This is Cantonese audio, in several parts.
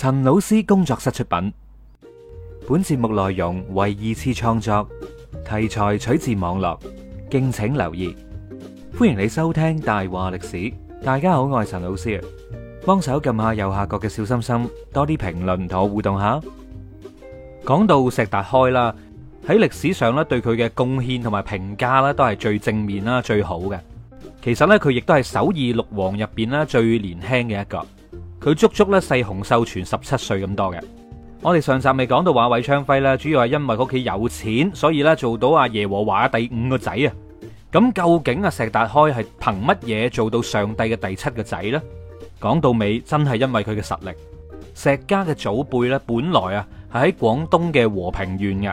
陳老師工作室出品，本節目內容為二次創作，題材取自網絡，敬請留意。歡迎你收聽大話歷史。大家好，我係陳老師啊，幫手撳下右下角嘅小心心，多啲評論同我互動下。講到石達開啦，喺歷史上咧對佢嘅貢獻同埋評價啦都係最正面啦最好嘅。其實咧佢亦都係首義六王入邊咧最年輕嘅一個。佢足足咧，細洪秀全十七歲咁多嘅。我哋上集未講到話韋昌輝啦，主要係因為屋企有錢，所以咧做到阿耶和華第五個仔啊。咁究竟阿石達開係憑乜嘢做到上帝嘅第七個仔呢？講到尾真係因為佢嘅實力。石家嘅祖輩咧，本來啊係喺廣東嘅和平縣嘅，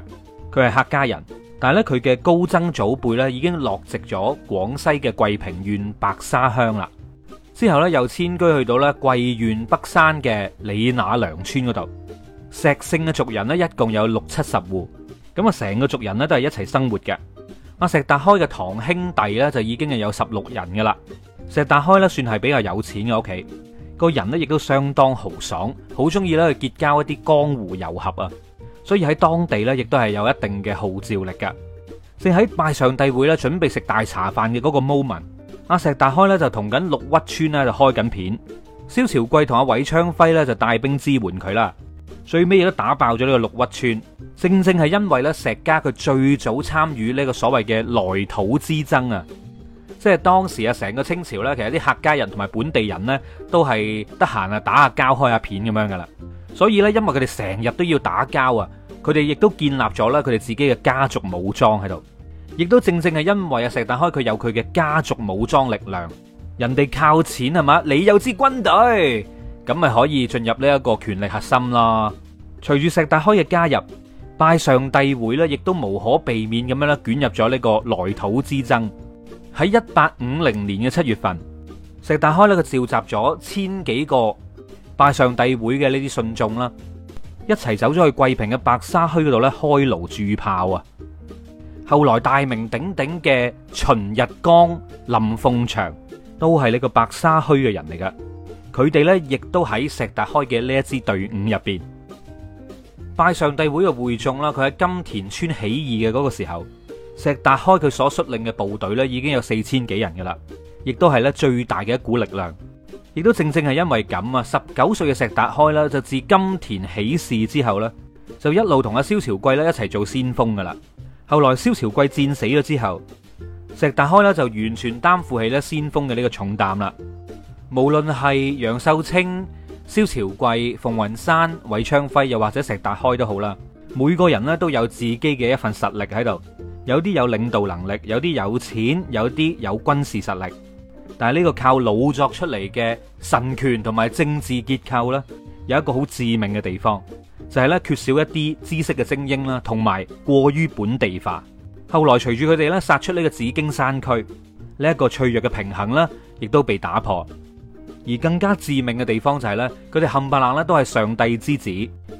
佢係客家人，但係咧佢嘅高曾祖輩咧已經落籍咗廣西嘅桂平縣白沙鄉啦。之後咧，又遷居去到咧貴縣北山嘅李那良村嗰度。石姓嘅族人咧，一共有六七十戶，咁啊，成個族人咧都係一齊生活嘅。阿石達開嘅堂兄弟咧，就已經係有十六人噶啦。石達開咧算係比較有錢嘅屋企，個人咧亦都相當豪爽，好中意咧去結交一啲江湖遊俠啊，所以喺當地咧亦都係有一定嘅號召力嘅。正喺拜上帝會咧，準備食大茶飯嘅嗰個 moment。阿石達開咧就同緊綠屈村咧就開緊片，蕭朝貴同阿韋昌輝咧就帶兵支援佢啦，最尾亦都打爆咗呢個綠屈村。正正係因為咧石家佢最早參與呢個所謂嘅來土之爭啊，即係當時啊成個清朝咧其實啲客家人同埋本地人咧都係得閒啊打下交開下片咁樣噶啦，所以咧因為佢哋成日都要打交啊，佢哋亦都建立咗咧佢哋自己嘅家族武裝喺度。亦都正正係因為啊，石達開佢有佢嘅家族武裝力量，人哋靠錢係嘛，你有支軍隊咁咪可以進入呢一個權力核心啦。隨住石達開嘅加入，拜上帝會咧，亦都無可避免咁樣咧捲入咗呢個來土之爭。喺一八五零年嘅七月份，石達開呢就召集咗千幾個拜上帝會嘅呢啲信眾啦，一齊走咗去桂平嘅白沙墟度咧開爐鑄炮啊！後來大名鼎鼎嘅秦日光、林鳳祥都係呢個白沙墟嘅人嚟噶，佢哋呢亦都喺石達開嘅呢一支隊伍入邊，拜上帝會嘅會眾啦，佢喺金田村起義嘅嗰個時候，石達開佢所率領嘅部隊呢已經有四千幾人噶啦，亦都係呢最大嘅一股力量，亦都正正係因為咁啊，十九歲嘅石達開啦，就自金田起事之後呢，就一路同阿蕭朝貴呢一齊做先鋒噶啦。後來蕭朝貴戰死咗之後，石達開呢就完全擔負起咧先鋒嘅呢個重擔啦。無論係楊秀清、蕭朝貴、馮雲山、韋昌輝又或者石達開都好啦，每個人呢都有自己嘅一份實力喺度，有啲有領導能力，有啲有錢，有啲有軍事實力，但係呢個靠老作出嚟嘅神權同埋政治結構咧。有一個好致命嘅地方就係咧，缺少一啲知識嘅精英啦，同埋過於本地化。後來隨住佢哋咧殺出呢個紫荊山區，呢一個脆弱嘅平衡咧，亦都被打破。而更加致命嘅地方就係咧，佢哋冚唪唥咧都係上帝之子，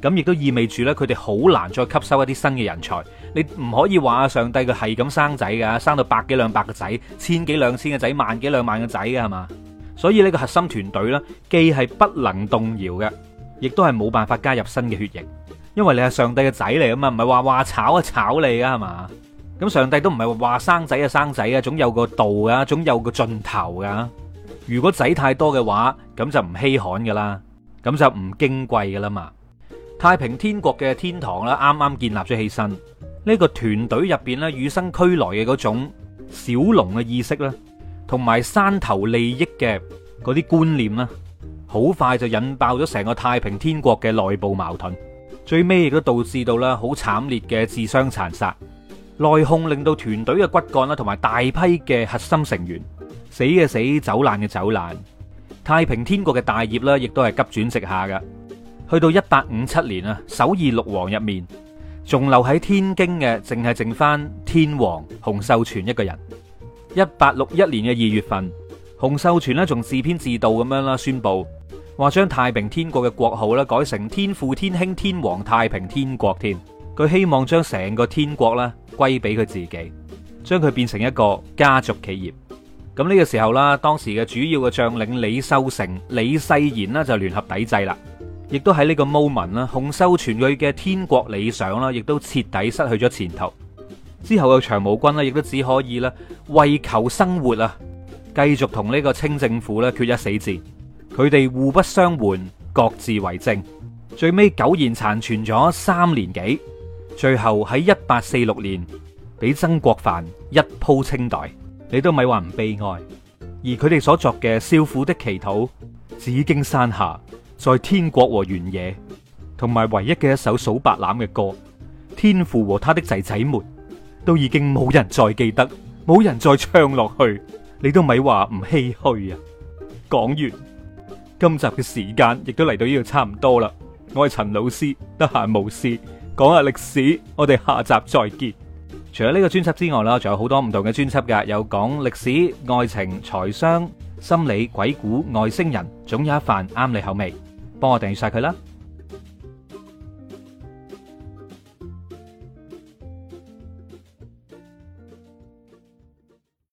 咁亦都意味住咧佢哋好難再吸收一啲新嘅人才。你唔可以話上帝佢係咁生仔噶，生到百幾兩百個仔，千幾兩千個仔，萬幾兩萬個仔嘅係嘛？所以呢個核心團隊咧，既係不能動搖嘅。亦都係冇辦法加入新嘅血液，因為你係上帝嘅仔嚟啊嘛，唔係話話炒就炒你啊係嘛？咁上帝都唔係話生仔就生仔嘅，總有個度噶，總有個盡頭噶。如果仔太多嘅話，咁就唔稀罕噶啦，咁就唔矜貴噶啦嘛。太平天國嘅天堂啦，啱啱建立咗起身，呢、這個團隊入邊咧，與生俱來嘅嗰種小農嘅意識啦，同埋山頭利益嘅嗰啲觀念啦。好快就引爆咗成個太平天國嘅內部矛盾，最尾亦都導致到啦好慘烈嘅自相殘殺，內訌令到團隊嘅骨幹啦同埋大批嘅核心成員死嘅死，走爛嘅走爛，太平天國嘅大業啦，亦都係急轉直下噶。去到一八五七年啊，首義六王入面，仲留喺天京嘅，淨係剩翻天王洪秀全一個人。一八六一年嘅二月份，洪秀全呢仲自編自導咁樣啦，宣布。話將太平天國嘅國號咧，改成天父天兄天王太平天國天，天佢希望將成個天國咧歸俾佢自己，將佢變成一個家族企業。咁呢個時候啦，當時嘅主要嘅將領李秀成、李世賢啦就聯合抵制啦，亦都喺呢個 moment 啦，洪秀全佢嘅天國理想啦，亦都徹底失去咗前途。之後嘅長毛軍啦，亦都只可以咧為求生活啊，繼續同呢個清政府咧決一死戰。佢哋互不相援，各自為政，最尾苟延殘存咗三年幾，最後喺一八四六年俾曾國藩一鋪清袋，你都咪話唔悲哀。而佢哋所作嘅《少婦的祈禱》、《紫荊山下》、《在天國和原野》同埋唯一嘅一首數白欖嘅歌《天父和他的仔仔們》，都已經冇人再記得，冇人再唱落去，你都咪話唔唏噓啊！講完。今集嘅時間亦都嚟到呢度差唔多啦，我係陳老師，得閒無事講下歷史，我哋下集再見。除咗呢個專輯之外啦，仲有好多唔同嘅專輯噶，有講歷史、愛情、財商、心理、鬼故、外星人，總有一番啱你口味，幫我訂閱晒佢啦。